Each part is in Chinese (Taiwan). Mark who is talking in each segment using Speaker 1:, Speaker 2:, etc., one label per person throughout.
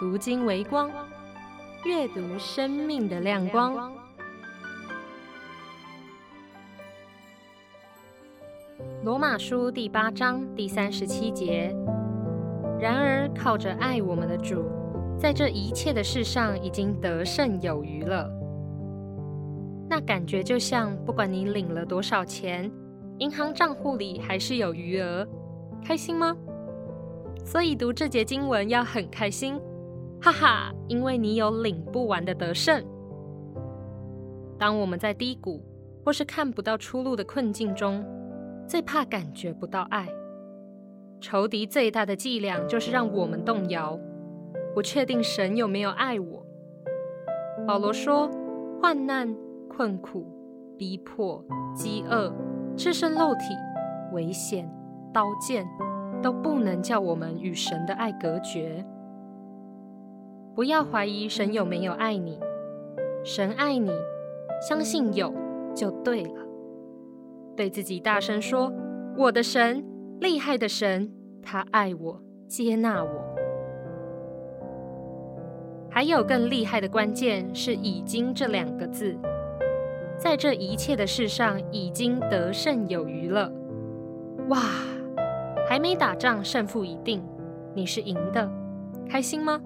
Speaker 1: 讀經為光，閱讀生命的亮光。羅馬書第八章第三十七節：然而靠着愛我們的主，在這一切的事上已經得勝有餘了。那感覺就像不管你領了多少錢，銀行賬戶裡還是有餘額，開心嗎？所以讀這節經文要很開心。哈哈，因為你有領不完的得勝。當我們在低谷或是看不到出路的困境中，最怕感覺不到愛。仇敵最大的伎倆就是讓我們動搖，不確定神有沒有愛我。保羅說：患難、困苦、逼迫、飢餓、赤身露體、危險、刀劍，都不能叫我們與神的愛隔絕。不要懷疑神有沒有愛你，神愛你，相信有就對了。對自己大聲說：“我的神，厲害的神，他愛我，接納我。”還有更厲害的關鍵是“已經”這兩個字，在這一切的事上已經得勝有餘了。哇，還沒打仗，勝負已定，你是贏的，開心嗎？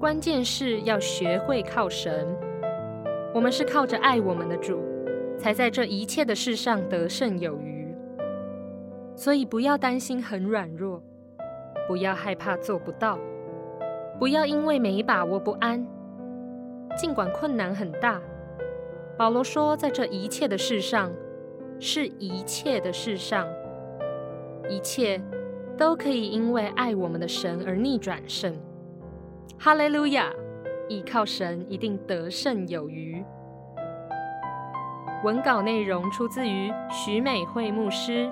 Speaker 1: 關鍵是要學會靠神。我們是靠着愛我們的主，才在這一切的事上得勝有餘。所以不要擔心很軟弱，不要害怕做不到，不要因為沒把握不安。儘管困難很大，保羅說，在這一切的事上，是一切的事上，一切都可以因為愛我們的神而逆轉勝。哈利路亞！倚靠神，一定得勝有餘。文稿內容出自於許美惠牧師。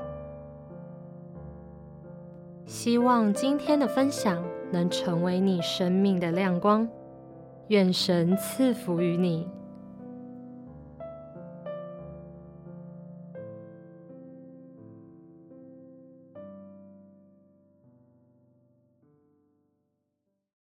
Speaker 1: 希望今天的分享能成為你生命的亮光，願神賜福於你。